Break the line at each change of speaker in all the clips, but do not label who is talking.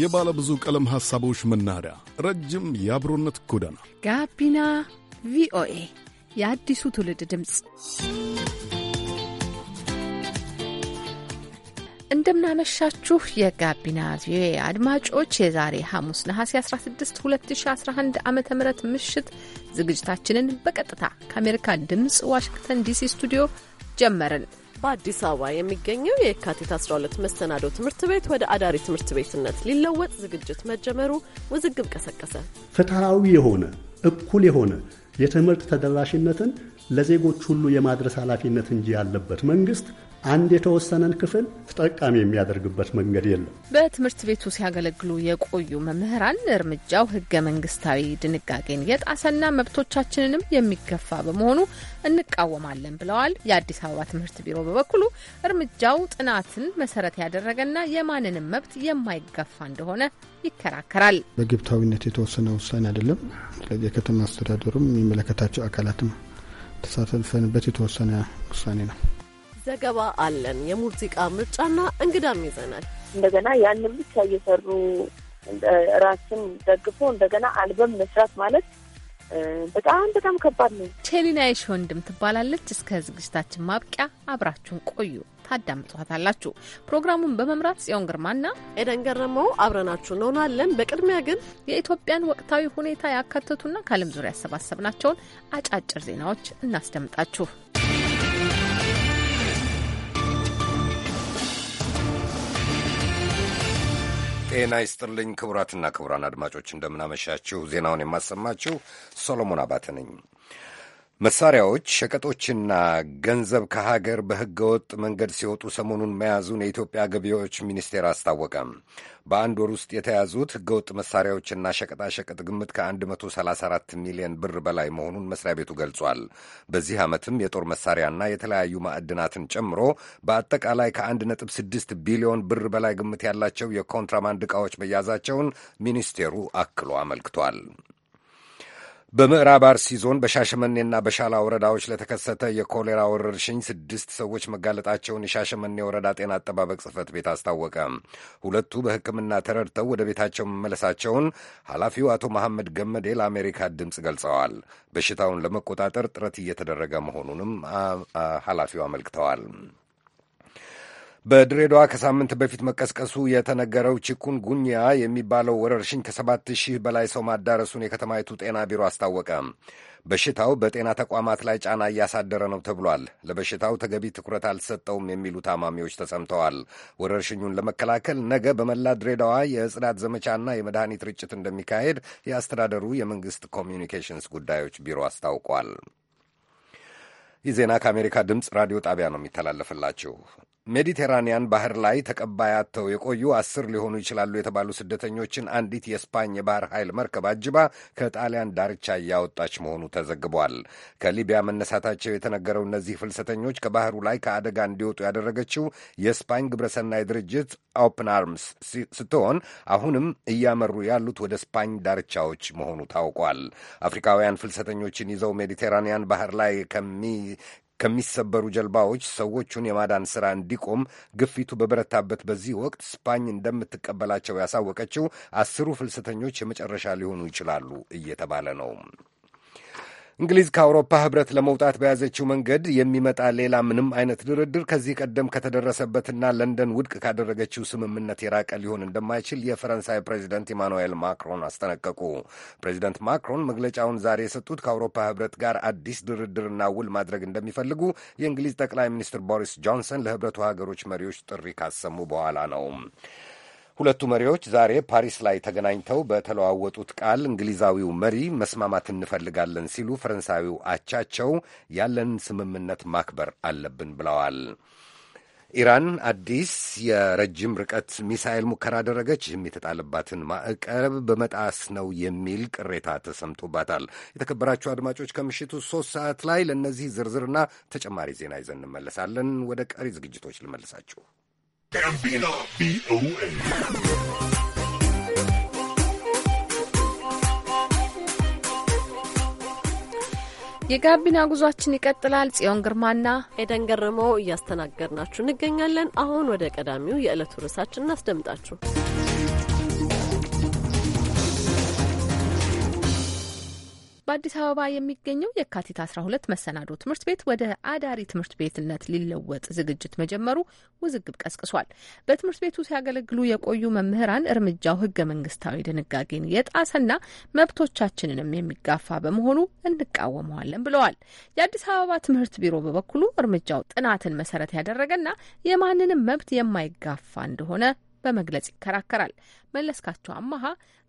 የባለ ብዙ ቀለም ሐሳቦች መናኸሪያ፣ ረጅም የአብሮነት ጎዳና፣
ጋቢና ቪኦኤ የአዲሱ ትውልድ ድምፅ። እንደምናመሻችሁ የጋቢና ቪኦኤ አድማጮች፣ የዛሬ ሐሙስ ነሐሴ 16 2011 ዓ ም ምሽት ዝግጅታችንን በቀጥታ
ከአሜሪካ ድምፅ ዋሽንግተን ዲሲ ስቱዲዮ ጀመርን። በአዲስ አበባ የሚገኘው የካቲት 12 መሰናዶ ትምህርት ቤት ወደ አዳሪ ትምህርት ቤትነት ሊለወጥ ዝግጅት መጀመሩ ውዝግብ ቀሰቀሰ።
ፍትሐዊ የሆነ እኩል የሆነ የትምህርት ተደራሽነትን ለዜጎች ሁሉ የማድረስ ኃላፊነት እንጂ ያለበት መንግስት አንድ የተወሰነን ክፍል ተጠቃሚ የሚያደርግበት መንገድ የለም።
በትምህርት ቤቱ ሲያገለግሉ የቆዩ መምህራን እርምጃው ህገ መንግስታዊ ድንጋጌን የጣሰና መብቶቻችንንም የሚገፋ በመሆኑ እንቃወማለን ብለዋል። የአዲስ አበባ ትምህርት ቢሮ በበኩሉ እርምጃው ጥናትን መሰረት ያደረገና የማንንም መብት የማይገፋ እንደሆነ ይከራከራል።
በግብታዊነት የተወሰነ ውሳኔ አይደለም። ስለዚህ የከተማ አስተዳደሩም የሚመለከታቸው አካላትም ተሳተፈንበት የተወሰነ ውሳኔ ነው።
ዘገባ አለን። የሙዚቃ ምርጫና እንግዳም ይዘናል።
እንደገና ያንን ብቻ እየሰሩ ራስን ደግፎ እንደገና አልበም መስራት ማለት በጣም በጣም ከባድ ነው።
ቼሊናይሽ ወንድም ትባላለች። እስከ ዝግጅታችን ማብቂያ አብራችሁን ቆዩ፣ ታዳምጧታላችሁ። ፕሮግራሙን በመምራት ጽዮን ግርማና ኤደን ገረመው አብረናችሁ እንሆናለን። በቅድሚያ ግን የኢትዮጵያን ወቅታዊ ሁኔታ ያካተቱና ከዓለም ዙሪያ ያሰባሰብናቸውን አጫጭር ዜናዎች እናስደምጣችሁ።
ጤና ይስጥልኝ ክቡራትና ክቡራን አድማጮች እንደምናመሻችሁ። ዜናውን የማሰማችሁ ሶሎሞን አባተ ነኝ። መሳሪያዎች፣ ሸቀጦችና ገንዘብ ከሀገር ወጥ መንገድ ሲወጡ ሰሞኑን መያዙን የኢትዮጵያ ገቢዎች ሚኒስቴር አስታወቀም። በአንድ ወር ውስጥ የተያዙት ወጥ መሳሪያዎችና ሸቀጣሸቀጥ ግምት ከ134 ሚሊዮን ብር በላይ መሆኑን መስሪያ ቤቱ ገልጿል። በዚህ ዓመትም የጦር መሳሪያና የተለያዩ ማዕድናትን ጨምሮ በአጠቃላይ ከ1.6 ቢሊዮን ብር በላይ ግምት ያላቸው የኮንትራባንድ ዕቃዎች መያዛቸውን ሚኒስቴሩ አክሎ አመልክቷል። በምዕራብ አርሲ ዞን በሻሸመኔና በሻላ ወረዳዎች ለተከሰተ የኮሌራ ወረርሽኝ ስድስት ሰዎች መጋለጣቸውን የሻሸመኔ ወረዳ ጤና አጠባበቅ ጽህፈት ቤት አስታወቀ። ሁለቱ በሕክምና ተረድተው ወደ ቤታቸው መመለሳቸውን ኃላፊው አቶ መሐመድ ገመዴ ለአሜሪካ ድምፅ ገልጸዋል። በሽታውን ለመቆጣጠር ጥረት እየተደረገ መሆኑንም ኃላፊው አመልክተዋል። በድሬዳዋ ከሳምንት በፊት መቀስቀሱ የተነገረው ጉኒያ የሚባለው ወረርሽኝ ከሰባት ሺህ በላይ ሰው ማዳረሱን የከተማይቱ ጤና ቢሮ አስታወቀ። በሽታው በጤና ተቋማት ላይ ጫና እያሳደረ ነው ተብሏል። ለበሽታው ተገቢ ትኩረት አልሰጠውም የሚሉ ታማሚዎች ተሰምተዋል። ወረርሽኙን ለመከላከል ነገ በመላ ድሬዳዋ የጽዳት ዘመቻና የመድኃኒት ርጭት እንደሚካሄድ የአስተዳደሩ የመንግስት ኮሚኒኬሽንስ ጉዳዮች ቢሮ አስታውቋል። ይህ ዜና ከአሜሪካ ድምፅ ራዲዮ ጣቢያ ነው የሚተላለፍላችሁ። ሜዲቴራንያን ባህር ላይ ተቀባይ አጥተው የቆዩ አስር ሊሆኑ ይችላሉ የተባሉ ስደተኞችን አንዲት የስፓኝ የባህር ኃይል መርከብ አጅባ ከጣሊያን ዳርቻ እያወጣች መሆኑ ተዘግቧል። ከሊቢያ መነሳታቸው የተነገረው እነዚህ ፍልሰተኞች ከባህሩ ላይ ከአደጋ እንዲወጡ ያደረገችው የስፓኝ ግብረሰናይ ድርጅት ኦፕን አርምስ ስትሆን አሁንም እያመሩ ያሉት ወደ ስፓኝ ዳርቻዎች መሆኑ ታውቋል። አፍሪካውያን ፍልሰተኞችን ይዘው ሜዲቴራንያን ባህር ላይ ከሚሰበሩ ጀልባዎች ሰዎቹን የማዳን ሥራ እንዲቆም ግፊቱ በበረታበት በዚህ ወቅት ስፓኝ እንደምትቀበላቸው ያሳወቀችው አስሩ ፍልሰተኞች የመጨረሻ ሊሆኑ ይችላሉ እየተባለ ነው። እንግሊዝ ከአውሮፓ ህብረት ለመውጣት በያዘችው መንገድ የሚመጣ ሌላ ምንም አይነት ድርድር ከዚህ ቀደም ከተደረሰበትና ለንደን ውድቅ ካደረገችው ስምምነት የራቀ ሊሆን እንደማይችል የፈረንሳይ ፕሬዚደንት ኢማኑኤል ማክሮን አስጠነቀቁ። ፕሬዚደንት ማክሮን መግለጫውን ዛሬ የሰጡት ከአውሮፓ ህብረት ጋር አዲስ ድርድርና ውል ማድረግ እንደሚፈልጉ የእንግሊዝ ጠቅላይ ሚኒስትር ቦሪስ ጆንሰን ለህብረቱ ሀገሮች መሪዎች ጥሪ ካሰሙ በኋላ ነው። ሁለቱ መሪዎች ዛሬ ፓሪስ ላይ ተገናኝተው በተለዋወጡት ቃል እንግሊዛዊው መሪ መስማማት እንፈልጋለን ሲሉ ፈረንሳዊው አቻቸው ያለን ስምምነት ማክበር አለብን ብለዋል። ኢራን አዲስ የረጅም ርቀት ሚሳኤል ሙከራ አደረገች። ይህም የተጣለባትን ማዕቀብ በመጣስ ነው የሚል ቅሬታ ተሰምቶባታል። የተከበራችሁ አድማጮች ከምሽቱ ሶስት ሰዓት ላይ ለእነዚህ ዝርዝርና ተጨማሪ ዜና ይዘን እንመለሳለን። ወደ ቀሪ ዝግጅቶች ልመልሳችሁ። ጋቢና ቪኦኤ
የጋቢና ጉዟችን ይቀጥላል። ጽዮን ግርማና ኤደን ገረመው እያስተናገድናችሁ እንገኛለን። አሁን ወደ ቀዳሚው የዕለቱ ርዕሳችን እናስደምጣችሁ።
በአዲስ አበባ የሚገኘው የካቲት 12 መሰናዶ ትምህርት ቤት ወደ አዳሪ ትምህርት ቤትነት ሊለወጥ ዝግጅት መጀመሩ ውዝግብ ቀስቅሷል። በትምህርት ቤቱ ሲያገለግሉ የቆዩ መምህራን እርምጃው ህገ መንግስታዊ ድንጋጌን የጣሰና መብቶቻችንንም የሚጋፋ በመሆኑ እንቃወመዋለን ብለዋል። የአዲስ አበባ ትምህርት ቢሮ በበኩሉ እርምጃው ጥናትን መሰረት ያደረገና የማንንም መብት የማይጋፋ እንደሆነ በመግለጽ ይከራከራል። መለስካቸው አማሃ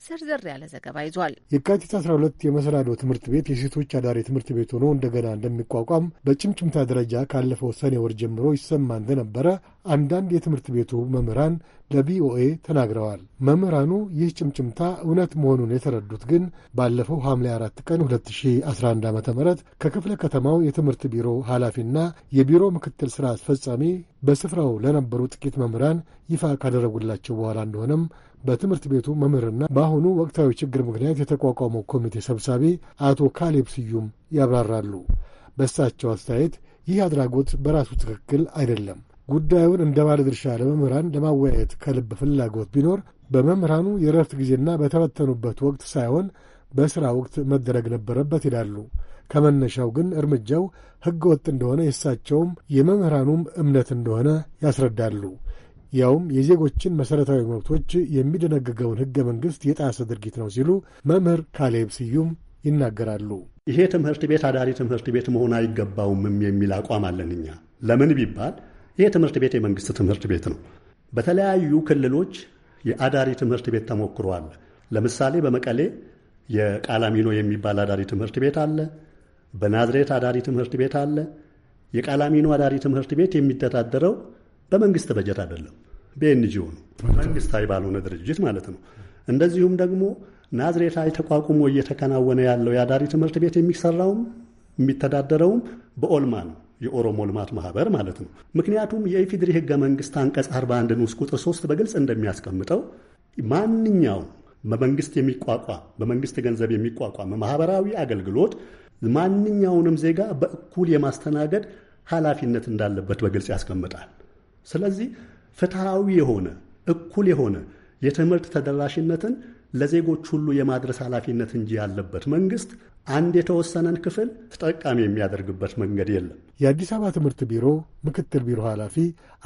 ዘርዘር ያለ ዘገባ ይዟል።
የካቲት 12 የመሰናዶ ትምህርት ቤት የሴቶች አዳሪ ትምህርት ቤት ሆኖ እንደገና እንደሚቋቋም በጭምጭምታ ደረጃ ካለፈው ሰኔ ወር ጀምሮ ይሰማ እንደነበረ አንዳንድ የትምህርት ቤቱ መምህራን ለቪኦኤ ተናግረዋል። መምህራኑ ይህ ጭምጭምታ እውነት መሆኑን የተረዱት ግን ባለፈው ሐምሌ 4 ቀን 2011 ዓ ም ከክፍለ ከተማው የትምህርት ቢሮ ኃላፊና የቢሮ ምክትል ሥራ አስፈጻሚ በስፍራው ለነበሩ ጥቂት መምህራን ይፋ ካደረጉላቸው በኋላ እንደሆነም በትምህርት ቤቱ መምህርና በአሁኑ ወቅታዊ ችግር ምክንያት የተቋቋመው ኮሚቴ ሰብሳቢ አቶ ካሌብ ስዩም ያብራራሉ። በእሳቸው አስተያየት ይህ አድራጎት በራሱ ትክክል አይደለም። ጉዳዩን እንደ ባለድርሻ ለመምህራን ለማወያየት ከልብ ፍላጎት ቢኖር በመምህራኑ የረፍት ጊዜና በተበተኑበት ወቅት ሳይሆን በሥራ ወቅት መደረግ ነበረበት ይላሉ። ከመነሻው ግን እርምጃው ሕገ ወጥ እንደሆነ የእሳቸውም የመምህራኑም እምነት እንደሆነ ያስረዳሉ። ያውም የዜጎችን መሠረታዊ መብቶች የሚደነግገውን ሕገ መንግሥት የጣሰ ድርጊት ነው ሲሉ መምህር ካሌብ ስዩም ይናገራሉ።
ይሄ ትምህርት ቤት አዳሪ ትምህርት ቤት መሆን አይገባውም የሚል አቋም አለን እኛ። ለምን ቢባል ይሄ ትምህርት ቤት የመንግሥት ትምህርት ቤት ነው። በተለያዩ ክልሎች የአዳሪ ትምህርት ቤት ተሞክሮ አለ። ለምሳሌ በመቀሌ የቃላሚኖ የሚባል አዳሪ ትምህርት ቤት አለ። በናዝሬት አዳሪ ትምህርት ቤት አለ። የቃላሚኖ አዳሪ ትምህርት ቤት የሚተዳደረው በመንግስት በጀት አይደለም። በኤንጂኦ ነው፣ መንግስታዊ ባልሆነ ድርጅት ማለት ነው። እንደዚሁም ደግሞ ናዝሬት ላይ ተቋቁሞ እየተከናወነ ያለው የአዳሪ ትምህርት ቤት የሚሰራውም የሚተዳደረውም በኦልማ ነው፣ የኦሮሞ ልማት ማህበር ማለት ነው። ምክንያቱም የኢፌዴሪ ህገ መንግስት አንቀጽ 41 ንዑስ ቁጥር 3 በግልጽ እንደሚያስቀምጠው ማንኛውም በመንግስት የሚቋቋም በመንግስት ገንዘብ የሚቋቋም ማህበራዊ አገልግሎት ማንኛውንም ዜጋ በእኩል የማስተናገድ ኃላፊነት እንዳለበት በግልጽ ያስቀምጣል። ስለዚህ ፍትሐዊ የሆነ እኩል የሆነ የትምህርት ተደራሽነትን ለዜጎች ሁሉ የማድረስ ኃላፊነት እንጂ ያለበት መንግስት አንድ የተወሰነን ክፍል ተጠቃሚ የሚያደርግበት መንገድ የለም።
የአዲስ አበባ ትምህርት ቢሮ ምክትል ቢሮ ኃላፊ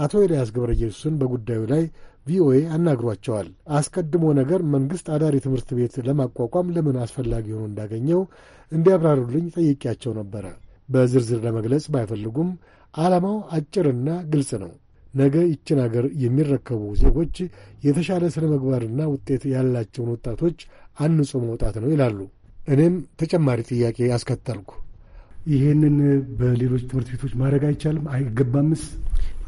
አቶ ኤልያስ ገብረ ኢየሱስን በጉዳዩ ላይ ቪኦኤ አናግሯቸዋል። አስቀድሞ ነገር መንግስት አዳሪ ትምህርት ቤት ለማቋቋም ለምን አስፈላጊ ሆኖ እንዳገኘው እንዲያብራሩልኝ ጠይቄያቸው ነበረ። በዝርዝር ለመግለጽ ባይፈልጉም ዓላማው አጭርና ግልጽ ነው። ነገ ይችን አገር የሚረከቡ ዜጎች የተሻለ ስነ ምግባርና ውጤት ያላቸውን ወጣቶች አንጹ መውጣት ነው ይላሉ። እኔም ተጨማሪ ጥያቄ አስከተልኩ። ይህንን በሌሎች ትምህርት ቤቶች ማድረግ አይቻልም? አይገባምስ?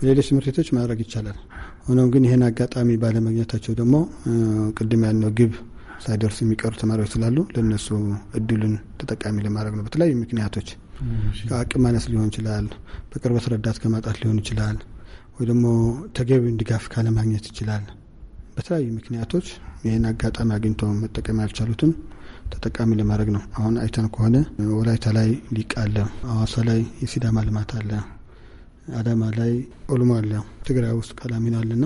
በሌሎች ትምህርት ቤቶች
ማድረግ ይቻላል። ሆኖም ግን ይህን አጋጣሚ ባለማግኘታቸው ደግሞ ቅድም ያልነው ግብ ሳይደርሱ የሚቀሩ ተማሪዎች ስላሉ ለእነሱ እድሉን ተጠቃሚ ለማድረግ ነው። በተለያዩ ምክንያቶች ከአቅም ማነስ ሊሆን ይችላል፣ በቅርበት ረዳት ከማጣት ሊሆን ይችላል ወይ ደግሞ ተገቢውን ድጋፍ ካለማግኘት ይችላል። በተለያዩ ምክንያቶች ይህን አጋጣሚ አግኝቶ መጠቀም ያልቻሉትን ተጠቃሚ ለማድረግ ነው። አሁን አይተን ከሆነ ወላይታ ላይ ሊቅ አለ፣ አዋሳ ላይ የሲዳማ ልማት አለ፣ አዳማ ላይ ኦልሞ አለ፣ ትግራይ ውስጥ ቀላሚና አለና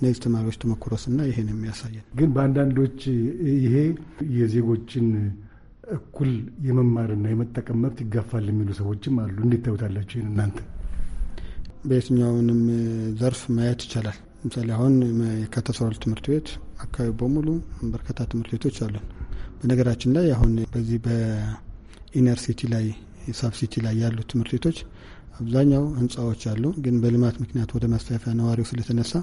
እነዚህ ተማሪዎች ተሞክሮስና ይሄን የሚያሳየን ግን በአንዳንዶች
ይሄ የዜጎችን እኩል የመማርና የመጠቀም መብት ይጋፋል የሚሉ ሰዎችም አሉ። እንዴት ታዩታላችሁ ይህን እናንተ? በየትኛውንም
ዘርፍ ማየት ይቻላል። ለምሳሌ አሁን የካተሶራል ትምህርት ቤት አካባቢ በሙሉ በርካታ ትምህርት ቤቶች አሉን። በነገራችን ላይ አሁን በዚህ በኢነር ሲቲ ላይ ሳብ ሲቲ ላይ ያሉ ትምህርት ቤቶች አብዛኛው ህንፃዎች አሉ፣ ግን በልማት ምክንያት ወደ ማስፋፊያ ነዋሪው ስለተነሳ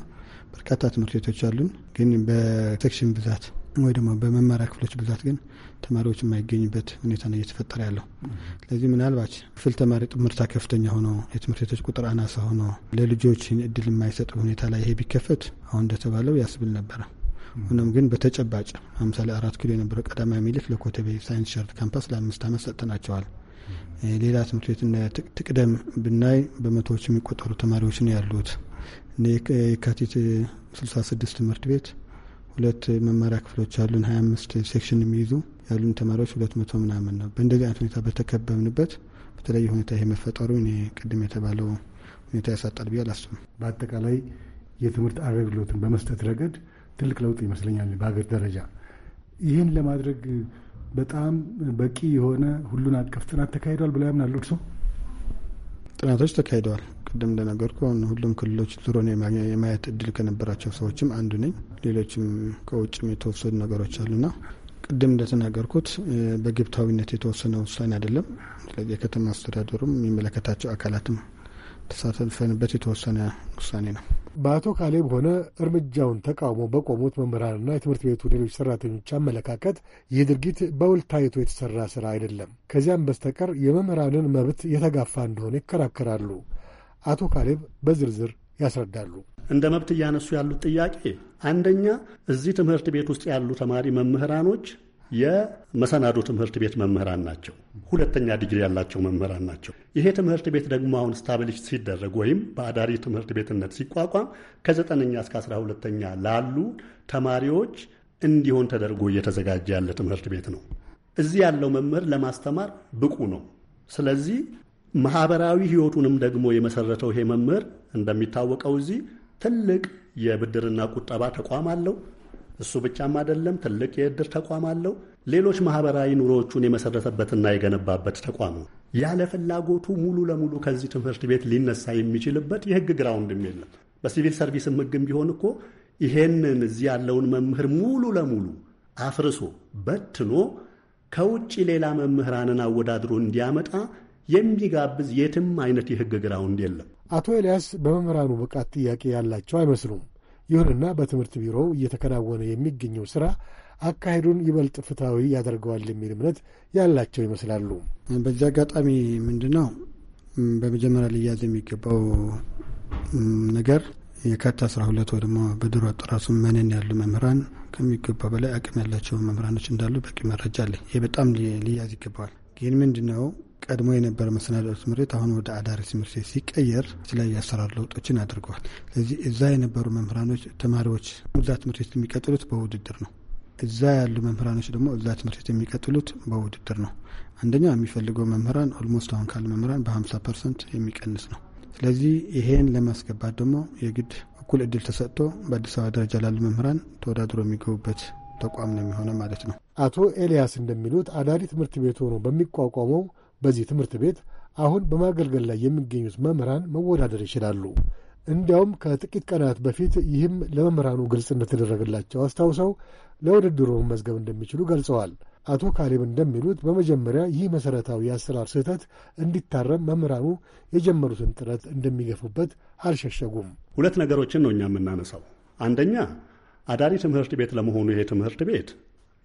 በርካታ ትምህርት ቤቶች አሉን። ግን በሴክሽን ብዛት ወይ ደግሞ በመማሪያ ክፍሎች ብዛት ግን ተማሪዎች የማይገኝበት ሁኔታ ነው እየተፈጠረ ያለው። ስለዚህ ምናልባት ክፍል ተማሪ ጥምርታ ከፍተኛ ሆኖ የትምህርት ቤቶች ቁጥር አናሳ ሆኖ ለልጆች እድል የማይሰጥ ሁኔታ ላይ ይሄ ቢከፈት አሁን እንደተባለው ያስብል ነበረ። ሆኖም ግን በተጨባጭ ለምሳሌ አራት ኪሎ የነበረው ቀዳማዊ ምኒልክ ለኮተቤ ሳይንስ ሸርድ ካምፓስ ለአምስት ዓመት ሰጥተናቸዋል። ሌላ ትምህርት ቤት ትቅደም ብናይ በመቶዎች የሚቆጠሩ ተማሪዎች ነው ያሉት። የካቲት 66 ትምህርት ቤት ሁለት መማሪያ ክፍሎች አሉን። ሀያ አምስት ሴክሽን የሚይዙ ያሉን ተማሪዎች ሁለት መቶ ምናምን ነው። በእንደዚህ አይነት ሁኔታ በተከበብንበት በተለየ ሁኔታ ይሄ መፈጠሩ እኔ ቅድም የተባለው ሁኔታ ያሳጣል ብዬ አላስብም። በአጠቃላይ
የትምህርት አገልግሎትን በመስጠት ረገድ ትልቅ ለውጥ ይመስለኛል በሀገር ደረጃ። ይህን ለማድረግ በጣም በቂ የሆነ ሁሉን አቀፍ ጥናት ተካሂዷል ብለው ያምናሉ እርስዎ?
ጥናቶች ተካሂደዋል። ቅድም እንደነገርኩ አሁን ሁሉም ክልሎች ድሮን የማየት እድል ከነበራቸው ሰዎችም አንዱ ነኝ። ሌሎችም ከውጭም የተወሰዱ ነገሮች አሉና ቅድም እንደተናገርኩት በግብታዊነት የተወሰነ ውሳኔ አይደለም። ስለዚህ የከተማ አስተዳደሩም የሚመለከታቸው አካላትም ተሳተፈንበት የተወሰነ ውሳኔ ነው።
በአቶ ካሌብ ሆነ እርምጃውን ተቃውሞ በቆሙት መምህራንና የትምህርት ቤቱ ሌሎች ሠራተኞች አመለካከት ይህ ድርጊት በውል ታይቶ የተሠራ ሥራ አይደለም፣ ከዚያም በስተቀር የመምህራንን መብት የተጋፋ እንደሆነ ይከራከራሉ። አቶ ካሌብ በዝርዝር ያስረዳሉ።
እንደ መብት እያነሱ ያሉት ጥያቄ አንደኛ፣ እዚህ ትምህርት ቤት ውስጥ ያሉ ተማሪ መምህራኖች የመሰናዶ ትምህርት ቤት መምህራን ናቸው። ሁለተኛ ዲግሪ ያላቸው መምህራን ናቸው። ይሄ ትምህርት ቤት ደግሞ አሁን ስታብሊሽ ሲደረግ ወይም በአዳሪ ትምህርት ቤትነት ሲቋቋም ከዘጠነኛ እስከ አስራ ሁለተኛ ላሉ ተማሪዎች እንዲሆን ተደርጎ እየተዘጋጀ ያለ ትምህርት ቤት ነው። እዚህ ያለው መምህር ለማስተማር ብቁ ነው። ስለዚህ ማህበራዊ ህይወቱንም ደግሞ የመሰረተው ይሄ መምህር እንደሚታወቀው እዚህ ትልቅ የብድርና ቁጠባ ተቋም አለው። እሱ ብቻም አይደለም፣ ትልቅ የእድር ተቋም አለው። ሌሎች ማህበራዊ ኑሮዎቹን የመሰረተበትና የገነባበት ተቋም ነው። ያለ ፍላጎቱ ሙሉ ለሙሉ ከዚህ ትምህርት ቤት ሊነሳ የሚችልበት የህግ ግራውንድም የለም። በሲቪል ሰርቪስም ህግም ቢሆን እኮ ይሄንን እዚህ ያለውን መምህር ሙሉ ለሙሉ አፍርሶ በትኖ ከውጭ ሌላ መምህራንን አወዳድሮ እንዲያመጣ የሚጋብዝ የትም አይነት የህግ ግራውንድ የለም።
አቶ ኤልያስ በመምህራኑ ብቃት ጥያቄ ያላቸው አይመስሉም። ይሁንና በትምህርት ቢሮው እየተከናወነ የሚገኘው ስራ አካሄዱን ይበልጥ ፍትሐዊ ያደርገዋል የሚል እምነት ያላቸው ይመስላሉ። በዚህ አጋጣሚ
ምንድን ነው በመጀመሪያ ሊያዝ የሚገባው ነገር የካቲት አስራ ሁለት ወይ ደግሞ በድሮ አጠራሱ መነን ያሉ መምህራን ከሚገባ በላይ አቅም ያላቸው መምህራኖች እንዳሉ በቂ መረጃ አለ። ይህ በጣም ሊያዝ ይገባዋል። ግን ምንድን ነው ቀድሞ የነበረ መሰናዶ ትምህርት አሁን ወደ አዳሪ ትምህርት ቤት ሲቀየር የተለያዩ አሰራር ለውጦችን አድርገዋል። ስለዚህ እዛ የነበሩ መምህራኖች ተማሪዎች እዛ ትምህርት ቤት የሚቀጥሉት በውድድር ነው። እዛ ያሉ መምህራኖች ደግሞ እዛ ትምህርት ቤት የሚቀጥሉት በውድድር ነው። አንደኛው የሚፈልገው መምህራን ኦልሞስት አሁን ካለ መምህራን በ50 ፐርሰንት የሚቀንስ ነው። ስለዚህ ይሄን ለማስገባት ደግሞ የግድ እኩል እድል ተሰጥቶ በአዲስ አበባ ደረጃ ላሉ መምህራን ተወዳድሮ የሚገቡበት ተቋም ነው የሚሆነ
ማለት ነው። አቶ ኤልያስ እንደሚሉት አዳሪ ትምህርት ቤት ሆኖ በሚቋቋመው በዚህ ትምህርት ቤት አሁን በማገልገል ላይ የሚገኙት መምህራን መወዳደር ይችላሉ። እንዲያውም ከጥቂት ቀናት በፊት ይህም ለመምህራኑ ግልጽ እንደተደረገላቸው አስታውሰው ለውድድሩ መመዝገብ እንደሚችሉ ገልጸዋል። አቶ ካሌብ እንደሚሉት በመጀመሪያ ይህ መሠረታዊ የአሰራር ስህተት እንዲታረም መምህራኑ የጀመሩትን ጥረት እንደሚገፉበት አልሸሸጉም።
ሁለት ነገሮችን ነው እኛ የምናነሳው። አንደኛ አዳሪ ትምህርት ቤት ለመሆኑ ይሄ ትምህርት ቤት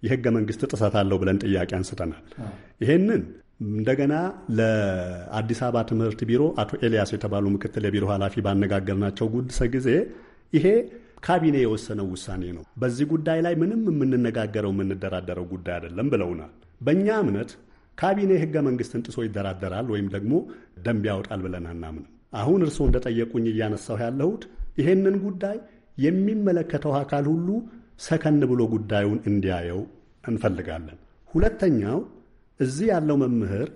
የሕገ መንግሥት ጥሰት አለው ብለን ጥያቄ አንስተናል። ይሄንን እንደገና ለአዲስ አበባ ትምህርት ቢሮ አቶ ኤልያስ የተባሉ ምክትል የቢሮ ኃላፊ ባነጋገርናቸው ጉድሰ ጊዜ ይሄ ካቢኔ የወሰነው ውሳኔ ነው። በዚህ ጉዳይ ላይ ምንም የምንነጋገረው የምንደራደረው ጉዳይ አይደለም ብለውናል። በእኛ እምነት ካቢኔ ህገ መንግስትን ጥሶ ይደራደራል ወይም ደግሞ ደንብ ያወጣል ብለን አናምንም። አሁን እርስዎ እንደጠየቁኝ እያነሳሁ ያለሁት ይሄንን ጉዳይ የሚመለከተው አካል ሁሉ ሰከን ብሎ ጉዳዩን እንዲያየው እንፈልጋለን። ሁለተኛው እዚህ ያለው መምህር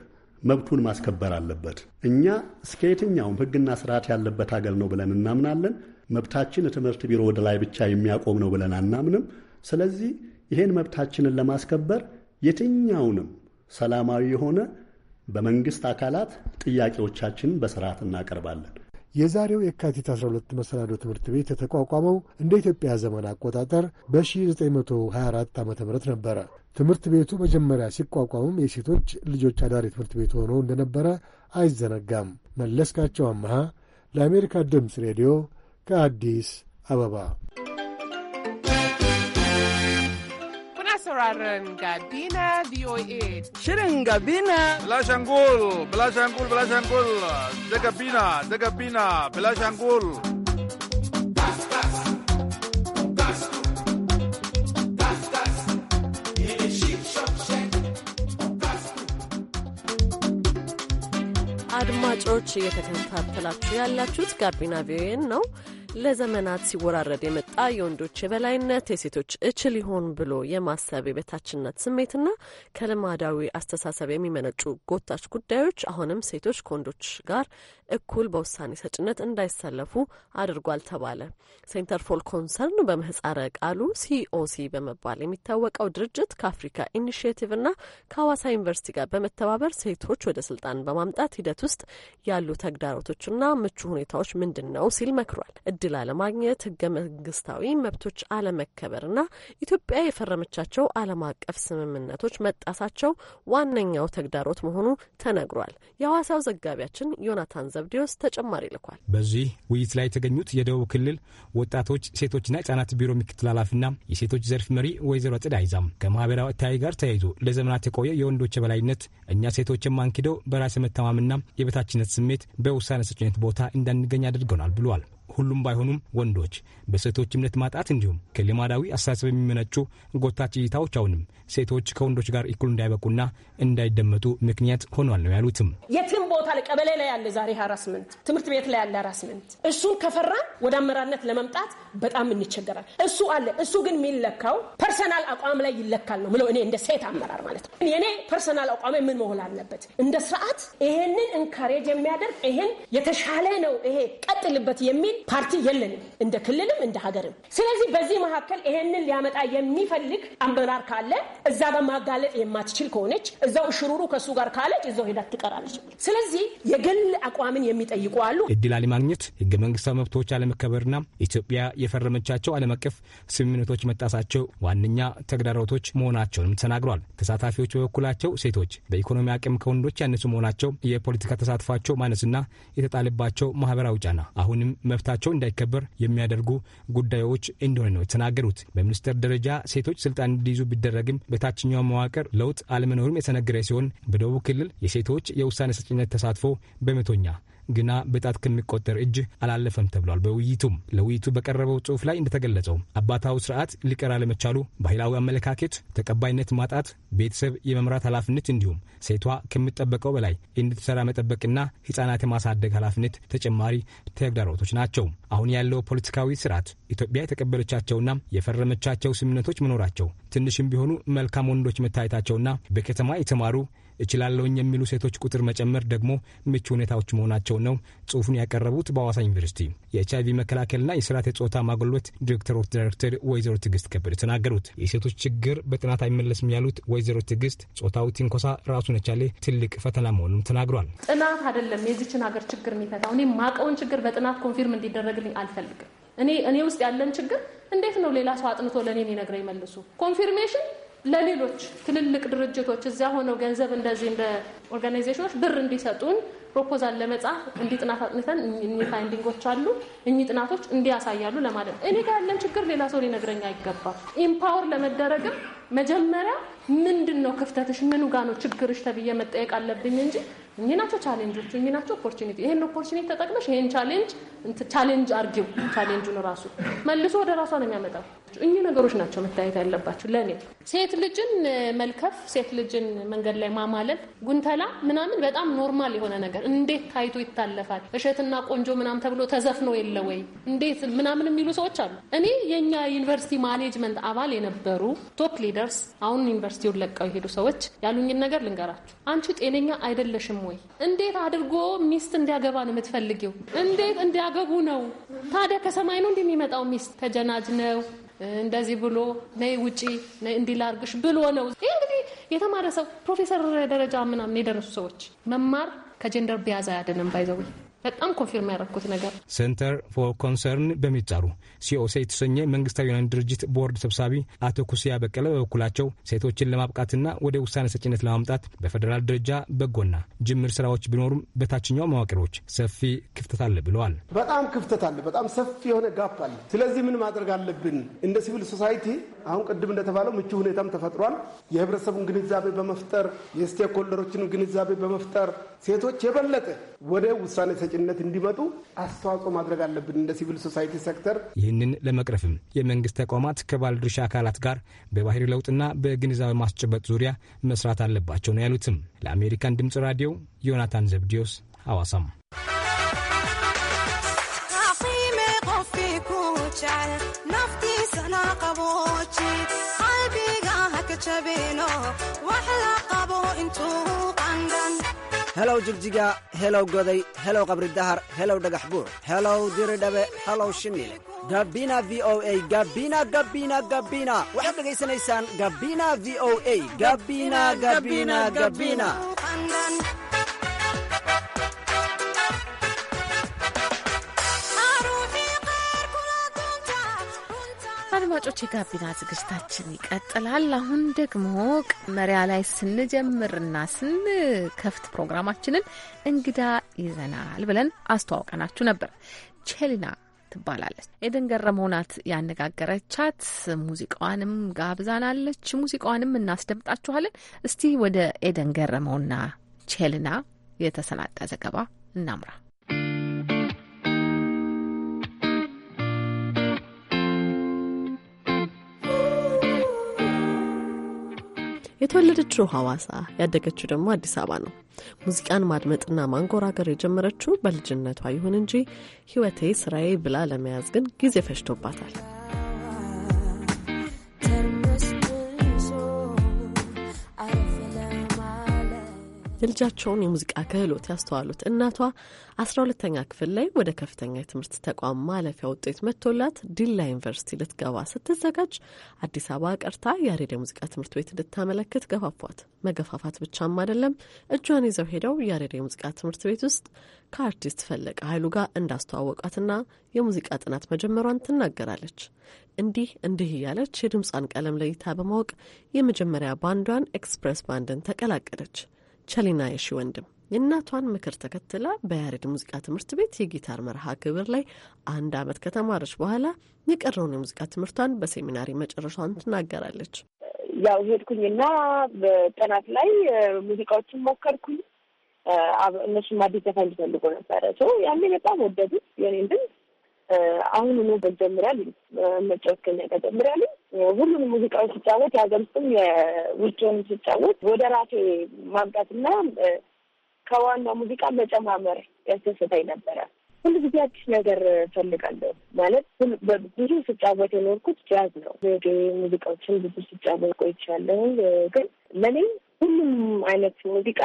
መብቱን ማስከበር አለበት። እኛ እስከ የትኛውም ሕግና ስርዓት ያለበት ሀገር ነው ብለን እናምናለን። መብታችን ትምህርት ቢሮ ወደ ላይ ብቻ የሚያቆም ነው ብለን አናምንም። ስለዚህ ይህን መብታችንን ለማስከበር የትኛውንም ሰላማዊ የሆነ በመንግስት አካላት ጥያቄዎቻችንን በስርዓት እናቀርባለን።
የዛሬው የካቲት 12 መሰናዶ ትምህርት ቤት የተቋቋመው እንደ ኢትዮጵያ ዘመን አቆጣጠር በ1924 ዓ ም ነበረ። ትምህርት ቤቱ መጀመሪያ ሲቋቋምም የሴቶች ልጆች አዳሪ ትምህርት ቤት ሆኖ እንደነበረ አይዘነጋም። መለስካቸው አመሃ ለአሜሪካ ድምፅ ሬዲዮ ከአዲስ አበባ
sauraron Gabina VOA.
Shirin Gabina. Bilashangul, Bilashangul, Bilashangul. Da Gabina, da Gabina, Bilashangul.
አድማጮች እየተከታተላችሁ ያላችሁት ጋቢና ቪኦኤን ነው። ለዘመናት ሲወራረድ የመጣ የወንዶች የበላይነት፣ የሴቶች እችል ይሆን ብሎ የማሰብ የበታችነት ስሜትና ከልማዳዊ አስተሳሰብ የሚመነጩ ጎታች ጉዳዮች አሁንም ሴቶች ከወንዶች ጋር እኩል በውሳኔ ሰጭነት እንዳይሰለፉ አድርጓል ተባለ። ሴንተር ፎር ኮንሰርን በምህጻረ ቃሉ ሲኦሲ በመባል የሚታወቀው ድርጅት ከአፍሪካ ኢኒሽቲቭ ከሀዋሳ ዩኒቨርሲቲ ጋር በመተባበር ሴቶች ወደ ስልጣን በማምጣት ሂደት ውስጥ ያሉ ተግዳሮቶችና ምቹ ሁኔታዎች ምንድን ነው ሲል መክሯል። እድል አለማግኘት፣ ህገ መንግስታዊ መብቶች አለመከበርና ኢትዮጵያ የፈረመቻቸው ዓለም አቀፍ ስምምነቶች መጣሳቸው ዋነኛው ተግዳሮት መሆኑ ተነግሯል። የሐዋሳው ዘጋቢያችን ዮናታን ዘብዲዮስ ተጨማሪ ልኳል።
በዚህ ውይይት ላይ የተገኙት የደቡብ ክልል ወጣቶች ሴቶችና ህጻናት ቢሮ ምክትል ኃላፊና የሴቶች ዘርፍ መሪ ወይዘሮ ጥድ አይዛም ከማህበራዊ እታይ ጋር ተያይዞ ለዘመናት የቆየ የወንዶች የበላይነት እኛ ሴቶችን ማንኪደው በራስ መተማምና የበታችነት ስሜት በውሳኔ ሰጭነት ቦታ እንዳንገኝ አድርገናል ብለዋል። ሁሉም ባይሆኑም ወንዶች በሴቶች እምነት ማጣት እንዲሁም ከልማዳዊ አስተሳሰብ የሚመነጩ ጎታች እይታዎች አሁንም ሴቶች ከወንዶች ጋር እኩል እንዳይበቁና እንዳይደመጡ ምክንያት ሆኗል ነው ያሉትም።
የትም ቦታ ቀበሌ ላይ ያለ ዛሬ ሃራስመንት፣ ትምህርት ቤት ላይ ያለ ሃራስመንት፣ እሱን ከፈራን ወደ አመራርነት ለመምጣት በጣም እንቸገራል። እሱ አለ። እሱ ግን የሚለካው ፐርሰናል አቋም ላይ ይለካል ነው ምለው እኔ እንደ ሴት አመራር ማለት ነው የኔ ፐርሰናል አቋም ምን መሆን አለበት እንደ ስርዓት ይሄንን እንካሬጅ የሚያደርግ ይሄን የተሻለ ነው ይሄ ቀጥልበት የሚል ፓርቲ የለንም እንደ ክልልም እንደ ሀገርም። ስለዚህ በዚህ መካከል ይሄንን ሊያመጣ የሚፈልግ አመራር ካለ እዛ በማጋለጥ የማትችል ከሆነች እዛው እሽሩሩ ከእሱ ጋር ካለች እዛው ሄዳ ትቀራለች። ስለዚህ የግል አቋምን የሚጠይቁ አሉ።
እድል አለማግኘት፣ ህገ መንግስታዊ መብቶች አለመከበርና ኢትዮጵያ የፈረመቻቸው ዓለም አቀፍ ስምምነቶች መጣሳቸው ዋነኛ ተግዳሮቶች መሆናቸውንም ተናግሯል። ተሳታፊዎች በበኩላቸው ሴቶች በኢኮኖሚ አቅም ከወንዶች ያነሱ መሆናቸው፣ የፖለቲካ ተሳትፏቸው ማነስና የተጣለባቸው ማህበራዊ ጫና አሁንም መብታ መብታቸው እንዳይከበር የሚያደርጉ ጉዳዮች እንደሆነ ነው የተናገሩት። በሚኒስትር ደረጃ ሴቶች ስልጣን እንዲይዙ ቢደረግም በታችኛው መዋቅር ለውጥ አለመኖሩም የተነገረ ሲሆን በደቡብ ክልል የሴቶች የውሳኔ ሰጭነት ተሳትፎ በመቶኛ ግና በጣት ከሚቆጠር እጅ አላለፈም ተብሏል። በውይይቱም ለውይይቱ በቀረበው ጽሁፍ ላይ እንደተገለጸው አባታዊ ስርዓት ሊቀር አለመቻሉ፣ ባህላዊ አመለካከት ተቀባይነት ማጣት፣ ቤተሰብ የመምራት ኃላፊነት እንዲሁም ሴቷ ከሚጠበቀው በላይ እንድትሰራ መጠበቅና ህጻናት የማሳደግ ኃላፊነት ተጨማሪ ተግዳሮቶች ናቸው። አሁን ያለው ፖለቲካዊ ስርዓት ኢትዮጵያ የተቀበለቻቸውና የፈረመቻቸው ስምምነቶች መኖራቸው ትንሽም ቢሆኑ መልካም ወንዶች መታየታቸውና በከተማ የተማሩ እችላለሁኝ የሚሉ ሴቶች ቁጥር መጨመር ደግሞ ምቹ ሁኔታዎች መሆናቸው ነው ጽሁፉን ያቀረቡት በሐዋሳ ዩኒቨርሲቲ የኤችአይቪ መከላከልና የስርዓተ ጾታ ማጎልበት ዲሬክተር ዳይሬክተር ወይዘሮ ትግስት ከበደ ተናገሩት። የሴቶች ችግር በጥናት አይመለስም ያሉት ወይዘሮ ትግስት ጾታዊ ትንኮሳ ራሱን የቻለ ትልቅ ፈተና መሆኑም ተናግሯል።
ጥናት አይደለም የዚችን ሀገር ችግር የሚፈታው። እኔ ማቀውን ችግር በጥናት ኮንፊርም እንዲደረግልኝ አልፈልግም። እኔ እኔ ውስጥ ያለን ችግር እንዴት ነው ሌላ ሰው አጥንቶ ለእኔ ሊነግረኝ ይመልሱ ኮንፊርሜሽን ለሌሎች ትልልቅ ድርጅቶች እዚያ ሆነው ገንዘብ እንደዚህ እንደ ኦርጋናይዜሽኖች ብር እንዲሰጡን ፕሮፖዛል ለመጻፍ እንዲህ ጥናት አጥንተን እኚህ ፋይንዲንጎች አሉ እኚህ ጥናቶች እንዲያሳያሉ ለማለት ነው። እኔ ጋር ያለን ችግር ሌላ ሰው ሊነግረኝ አይገባም። ኢምፓወር ለመደረግም መጀመሪያ ምንድን ነው ክፍተትሽ፣ ምኑ ጋ ነው ችግርሽ ተብዬ መጠየቅ አለብኝ እንጂ እኚህ ናቸው ቻሌንጆቹ፣ እኚህ ናቸው ኦፖርቹኒቲ፣ ይህን ኦፖርቹኒቲ ተጠቅመሽ ይህን ቻሌንጅ ቻሌንጅ አርጊው ቻሌንጁን ራሱ መልሶ ወደ ራሷ ነው የሚያመጣው። እኚህ ነገሮች ናቸው መታየት ያለባቸው። ለእኔ ሴት ልጅን መልከፍ፣ ሴት ልጅን መንገድ ላይ ማማለል፣ ጉንተላ ምናምን በጣም ኖርማል የሆነ ነገር እንዴት ታይቶ ይታለፋል? እሸትና ቆንጆ ምናምን ተብሎ ተዘፍኖ የለ ወይ እንዴት ምናምን የሚሉ ሰዎች አሉ። እኔ የእኛ ዩኒቨርሲቲ ማኔጅመንት አባል የነበሩ ቶፕ ሊደርስ አሁን ዩኒቨርሲቲውን ለቀው የሄዱ ሰዎች ያሉኝን ነገር ልንገራችሁ። አንቺ ጤነኛ አይደለሽም ወይ? እንዴት አድርጎ ሚስት እንዲያገባ ነው የምትፈልጊው? እንዴት እንዲያገቡ ነው ታዲያ? ከሰማይ ነው እንደሚመጣው ሚስት ተጀናጅ ነው እንደዚህ ብሎ ነይ ውጪ እንዲላርግሽ ብሎ ነው። ይህ እንግዲህ የተማረ ሰው ፕሮፌሰር ደረጃ ምናምን የደረሱ ሰዎች መማር ከጀንደር ቢያዝ አያድንም ባይዘው በጣም ኮንፊርም ያደረግኩት ነገር
ሴንተር ፎር ኮንሰርን በሚጠሩ ሲኦሴ የተሰኘ መንግስታዊ ዩናን ድርጅት ቦርድ ሰብሳቢ አቶ ኩሲያ በቀለ በበኩላቸው ሴቶችን ለማብቃትና ወደ ውሳኔ ሰጭነት ለማምጣት በፌዴራል ደረጃ በጎና ጅምር ስራዎች ቢኖሩም በታችኛው መዋቅሮች ሰፊ ክፍተት አለ ብለዋል።
በጣም ክፍተት አለ። በጣም ሰፊ የሆነ ጋፕ አለ። ስለዚህ ምን ማድረግ አለብን? እንደ ሲቪል ሶሳይቲ አሁን ቅድም እንደተባለው ምቹ ሁኔታም ተፈጥሯል። የህብረተሰቡን ግንዛቤ በመፍጠር የስቴክሆልደሮችን ግንዛቤ በመፍጠር ሴቶች የበለጠ ወደ ውሳኔ ሰጭነት እንዲመጡ አስተዋጽኦ ማድረግ አለብን እንደ ሲቪል ሶሳይቲ ሴክተር።
ይህንን ለመቅረፍም የመንግስት ተቋማት ከባለድርሻ አካላት ጋር በባህሪ ለውጥና በግንዛቤ ማስጨበጥ ዙሪያ መስራት አለባቸው ነው ያሉትም። ለአሜሪካን ድምጽ ራዲዮ ዮናታን ዘብዲዮስ ሐዋሳም
helow jigjiga helow goday helow qabri dahar helow dhagax buur helow diridhabe helow shimiile gabina v o a gabina gabina gabina waxaad dhegaysanaysaan gabina v o a gabina gabina gabina
አድማጮች የጋቢና ዝግጅታችን ይቀጥላል። አሁን ደግሞ መሪያ ላይ ስንጀምርና ስንከፍት ፕሮግራማችንን እንግዳ ይዘናል ብለን አስተዋውቀናችሁ ነበር። ቼሊና ትባላለች። ኤደን ገረመው ናት ያነጋገረቻት። ሙዚቃዋንም ጋብዛናለች። ሙዚቃዋንም እናስደምጣችኋለን። እስቲ ወደ ኤደን ገረመውና ቼሊና የተሰናዳ ዘገባ እናምራ።
የተወለደችው ሐዋሳ ያደገችው ደግሞ አዲስ አበባ ነው። ሙዚቃን ማድመጥና ማንጎራገር የጀመረችው በልጅነቷ ይሁን እንጂ ሕይወቴ ስራዬ ብላ ለመያዝ ግን ጊዜ ፈጅቶባታል። የልጃቸውን የሙዚቃ ክህሎት ያስተዋሉት እናቷ አስራ ሁለተኛ ክፍል ላይ ወደ ከፍተኛ የትምህርት ተቋም ማለፊያ ውጤት መጥቶላት ዲላ ዩኒቨርሲቲ ልትገባ ስትዘጋጅ አዲስ አበባ ቀርታ ያሬድ የሙዚቃ ትምህርት ቤት እንድታመለክት ገፋፏት። መገፋፋት ብቻም አይደለም፣ እጇን ይዘው ሄደው ያሬድ የሙዚቃ ትምህርት ቤት ውስጥ ከአርቲስት ፈለቀ ኃይሉ ጋር እንዳስተዋወቋትና የሙዚቃ ጥናት መጀመሯን ትናገራለች። እንዲህ እንዲህ እያለች የድምጿን ቀለም ለይታ በማወቅ የመጀመሪያ ባንዷን ኤክስፕሬስ ባንድን ተቀላቀለች። ቸሊና የሺ ወንድም የእናቷን ምክር ተከትላ በያሬድ ሙዚቃ ትምህርት ቤት የጊታር መርሃ ግብር ላይ አንድ ዓመት ከተማረች በኋላ የቀረውን የሙዚቃ ትምህርቷን በሴሚናሪ መጨረሻዋን ትናገራለች።
ያው ሄድኩኝና በጥናት ላይ ሙዚቃዎችን ሞከርኩኝ። እነሱም አዲስ ዘፋኝ ሊፈልጉ ነበረ። ያኔ በጣም ወደዱት የኔን ድምፅ አሁን ነው በጀምሪያል መጫወት ከጀምሪያል ሁሉንም ሙዚቃዎች ስጫወት የሀገርም የውጭውን ስጫወት ወደ ራሴ ማምጣትና ከዋናው ሙዚቃ መጨማመር ያስደስታኝ ነበረ። ሁሉ ጊዜ አዲስ ነገር ፈልጋለሁ ማለት ብዙ ስጫወት የኖርኩት ጃዝ ነው። ሙዚቃዎችን ብዙ ስጫወት ቆይቻለሁ። ግን ለእኔ ሁሉም አይነት ሙዚቃ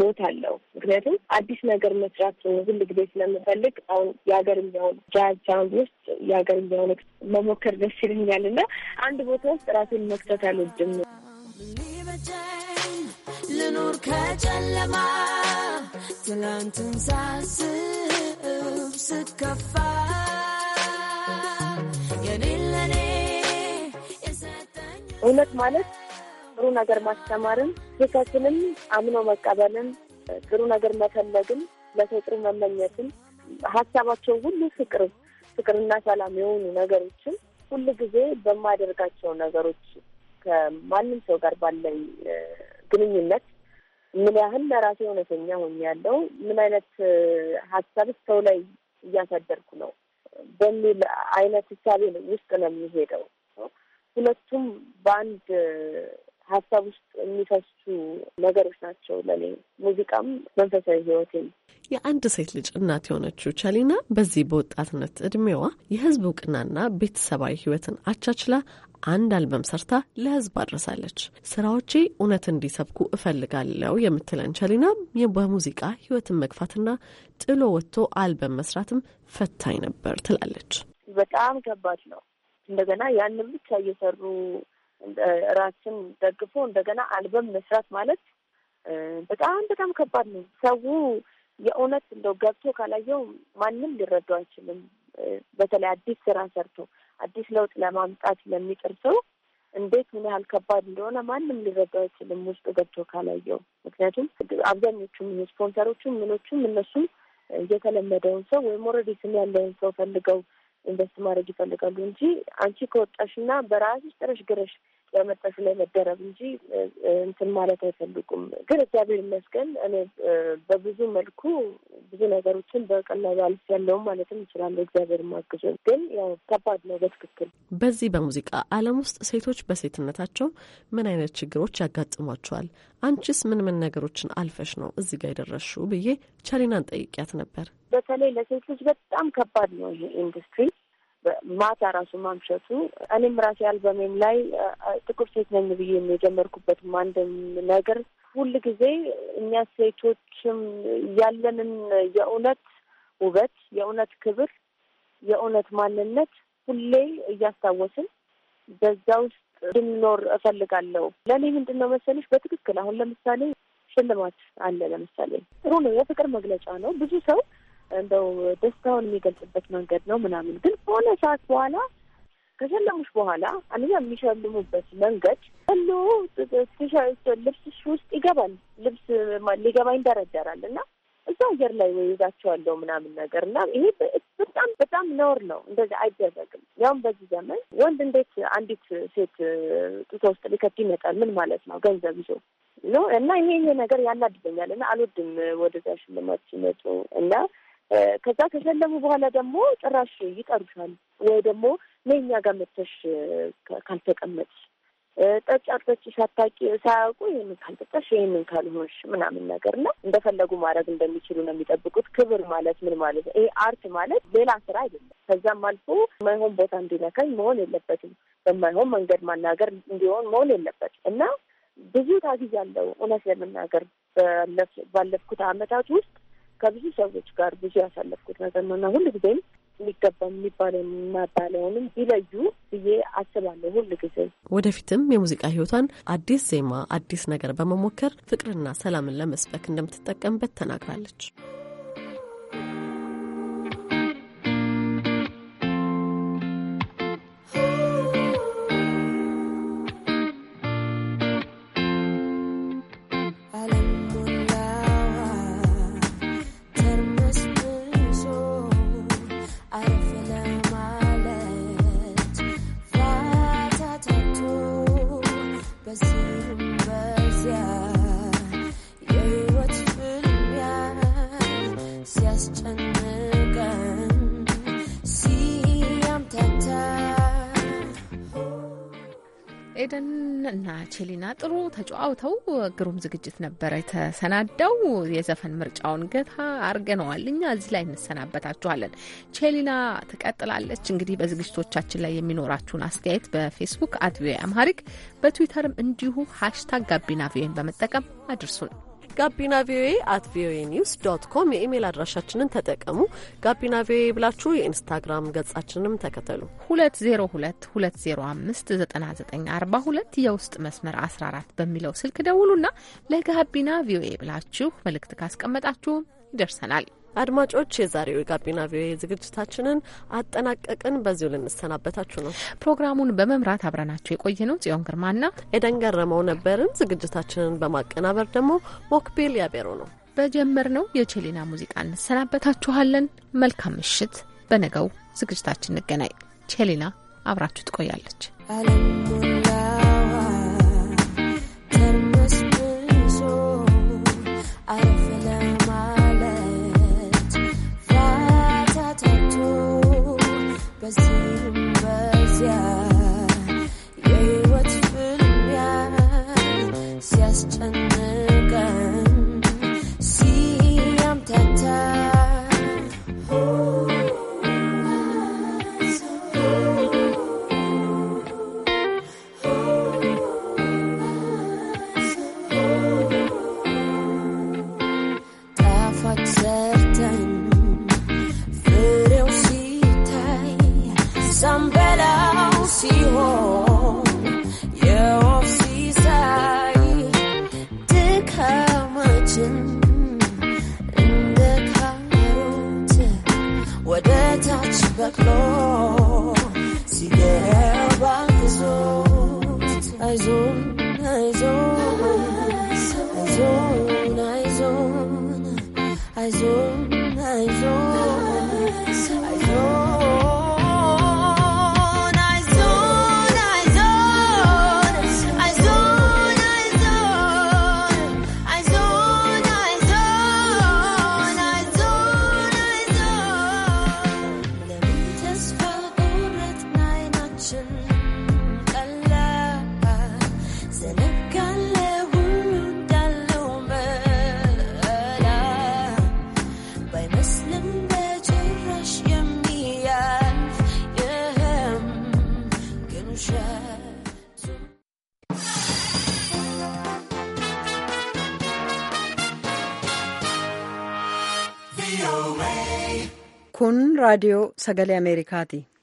ቦታ አለው። ምክንያቱም አዲስ ነገር መስራት ሁል ጊዜ ስለምፈልግ አሁን የሀገር የሚሆን ጃዝ ጃንግ ውስጥ የሀገር የሚሆን መሞከር ደስ ይለኛል እና አንድ ቦታ ውስጥ ራሴን መክተት አልወድም።
ልኑር ከጨለማ ትላንትን ሳስብ ስከፋ
እውነት ማለት ጥሩ ነገር ማስተማርን፣ ስህተትንም አምኖ መቀበልን፣ ጥሩ ነገር መፈለግን፣ ለሰው ጥሩ መመኘትን፣ ሀሳባቸው ሁሉ ፍቅር ፍቅርና ሰላም የሆኑ ነገሮችን ሁሉ ጊዜ በማደርጋቸው ነገሮች ከማንም ሰው ጋር ባለኝ ግንኙነት ምን ያህል ለራሴ እውነተኛ ሆኜ ያለው ምን አይነት ሀሳብ ሰው ላይ እያሳደርኩ ነው በሚል አይነት ሳቤ ውስጥ ነው የሚሄደው። ሁለቱም በአንድ ሀሳብ ውስጥ የሚፈሱ ነገሮች ናቸው ለኔ ሙዚቃም መንፈሳዊ ህይወቴም።
የአንድ ሴት ልጅ እናት የሆነችው ቻሊና በዚህ በወጣትነት እድሜዋ የህዝብ እውቅናና ቤተሰባዊ ህይወትን አቻችላ አንድ አልበም ሰርታ ለህዝብ አድረሳለች። ስራዎቼ እውነት እንዲሰብኩ እፈልጋለው የምትለን ቻሊና በሙዚቃ ህይወትን መግፋትና ጥሎ ወጥቶ አልበም መስራትም ፈታኝ ነበር ትላለች።
በጣም ከባድ ነው። እንደገና ያንን ብቻ እየሰሩ ራስን ደግፎ እንደገና አልበም መስራት ማለት በጣም በጣም ከባድ ነው። ሰው የእውነት እንደው ገብቶ ካላየው ማንም ሊረዳው አይችልም። በተለይ አዲስ ስራ ሰርቶ አዲስ ለውጥ ለማምጣት ለሚጥር ሰው እንዴት ምን ያህል ከባድ እንደሆነ ማንም ሊረዳው አይችልም ውስጡ ገብቶ ካላየው። ምክንያቱም አብዛኞቹም ስፖንሰሮቹም ምኖቹም እነሱም የተለመደውን ሰው ወይም ኦልሬዲ ስም ያለውን ሰው ፈልገው ኢንቨስት ማድረግ ይፈልጋሉ እንጂ አንቺ ከወጣሽ እና በራስሽ ጥረሽ ግረሽ በመድረክ ላይ መደረብ እንጂ እንትን ማለት አይፈልጉም። ግን እግዚአብሔር ይመስገን እኔ በብዙ መልኩ ብዙ ነገሮችን በቀላሉ አልፍ ያለውም ማለትም እችላለሁ። እግዚአብሔር ማግዞ ግን ያው ከባድ ነው በትክክል።
በዚህ በሙዚቃ ዓለም ውስጥ ሴቶች በሴትነታቸው ምን አይነት ችግሮች ያጋጥሟቸዋል? አንቺስ ምን ምን ነገሮችን አልፈሽ ነው እዚህ ጋር የደረስሽው? ብዬ ቻሊናን ጠይቂያት ነበር።
በተለይ ለሴት ልጅ በጣም ከባድ ነው ይሄ ኢንዱስትሪ ማታ ራሱ ማምሸቱ እኔም ራሴ አልበሜም ላይ ጥቁር ሴት ነኝ ብዬ የጀመርኩበትም አንድም ነገር ሁል ጊዜ እኛ ሴቶችም ያለንን የእውነት ውበት፣ የእውነት ክብር፣ የእውነት ማንነት ሁሌ እያስታወስን በዛ ውስጥ እንድንኖር እፈልጋለሁ። ለእኔ ምንድን ነው መሰለሽ በትክክል አሁን ለምሳሌ ሽልማት አለ። ለምሳሌ ጥሩ ነው፣ የፍቅር መግለጫ ነው። ብዙ ሰው እንደው ደስታውን የሚገልጽበት መንገድ ነው ምናምን። ግን ከሆነ ሰዓት በኋላ ከሸለሙሽ በኋላ አንደኛ የሚሸልሙበት መንገድ ሎ ልብስሽ ውስጥ ይገባል። ልብስ ሊገባ ይንደረደራል እና እዛ አየር ላይ ወይዛቸዋለው ምናምን ነገር እና ይሄ በጣም በጣም ነውር ነው። እንደዚህ አይደረግም። ያውም በዚህ ዘመን ወንድ እንዴት አንዲት ሴት ጡቷ ውስጥ ሊከት ይመጣል? ምን ማለት ነው? ገንዘብ ይዞ ነው እና ይሄ ይሄ ነገር ያናድደኛል እና አልወድም ወደዛ ሽልማት ሲመጡ እና ከዛ ከሸለሙ በኋላ ደግሞ ጭራሽ ይጠሩሻል ወይ ደግሞ ነኛ ጋር መተሽ ካልተቀመጥሽ ጠጭ አርጠጭሽ ሳያውቁ ይህንን ካልጠጣሽ ይህንን ካልሆንሽ ምናምን ነገር እና እንደፈለጉ ማድረግ እንደሚችሉ ነው የሚጠብቁት። ክብር ማለት ምን ማለት ነው? ይሄ አርት ማለት ሌላ ስራ አይደለም። ከዛም አልፎ ማይሆን ቦታ እንዲነካኝ መሆን የለበትም። በማይሆን መንገድ ማናገር እንዲሆን መሆን የለበትም እና ብዙ ታግዝ ያለው እውነት ለመናገር ባለፍኩት አመታት ውስጥ ከብዙ ሰዎች ጋር ብዙ ያሳለፍኩት ነገር ነው እና ሁል ጊዜም የሚገባ የሚባለው የማባለውንም ቢለዩ ብዬ አስባለሁ። ሁል ጊዜ
ወደፊትም የሙዚቃ ህይወቷን አዲስ ዜማ፣ አዲስ ነገር በመሞከር ፍቅርና ሰላምን ለመስበክ እንደምትጠቀምበት ተናግራለች።
ቼሊና ጥሩ ተጫዋውተው ግሩም ዝግጅት ነበረ የተሰናዳው። የዘፈን ምርጫውን ገታ አርገነዋል። እኛ እዚህ ላይ እንሰናበታችኋለን። ቼሊና ትቀጥላለች። እንግዲህ በዝግጅቶቻችን ላይ የሚኖራችሁን አስተያየት በፌስቡክ አት ቪኦኤ አምሃሪክ፣ በትዊተርም እንዲሁ
ሀሽታግ ጋቢና ቪኦኤን በመጠቀም አድርሱን። ጋቢና ቪኦኤ አት ቪኦኤ ኒውስ ዶት ኮም የኢሜይል አድራሻችንን ተጠቀሙ። ጋቢና ቪኦኤ ብላችሁ የኢንስታግራም ገጻችንንም ተከተሉ። 2022059942 የውስጥ መስመር 14 በሚለው ስልክ ደውሉና ለጋቢና ቪኦኤ ብላችሁ መልእክት ካስቀመጣችሁም ይደርሰናል። አድማጮች፣ የዛሬው የጋቢና ቪኦኤ ዝግጅታችንን አጠናቀቅን። በዚሁ ልንሰናበታችሁ ነው። ፕሮግራሙን በመምራት አብረናችሁ የቆየ ነው ጽዮን ግርማና ኤደን ገረመው ነበርን። ዝግጅታችንን በማቀናበር ደግሞ ሞክቤል ያቤሮ ነው። በጀመርነው የቼሌና
ሙዚቃ እንሰናበታችኋለን። መልካም ምሽት። በነገው ዝግጅታችን እንገናኝ። ቼሌና አብራችሁ ትቆያለች።
zone, I zone, I zone, I zone, I zone.
radio sagalee Amerikaati.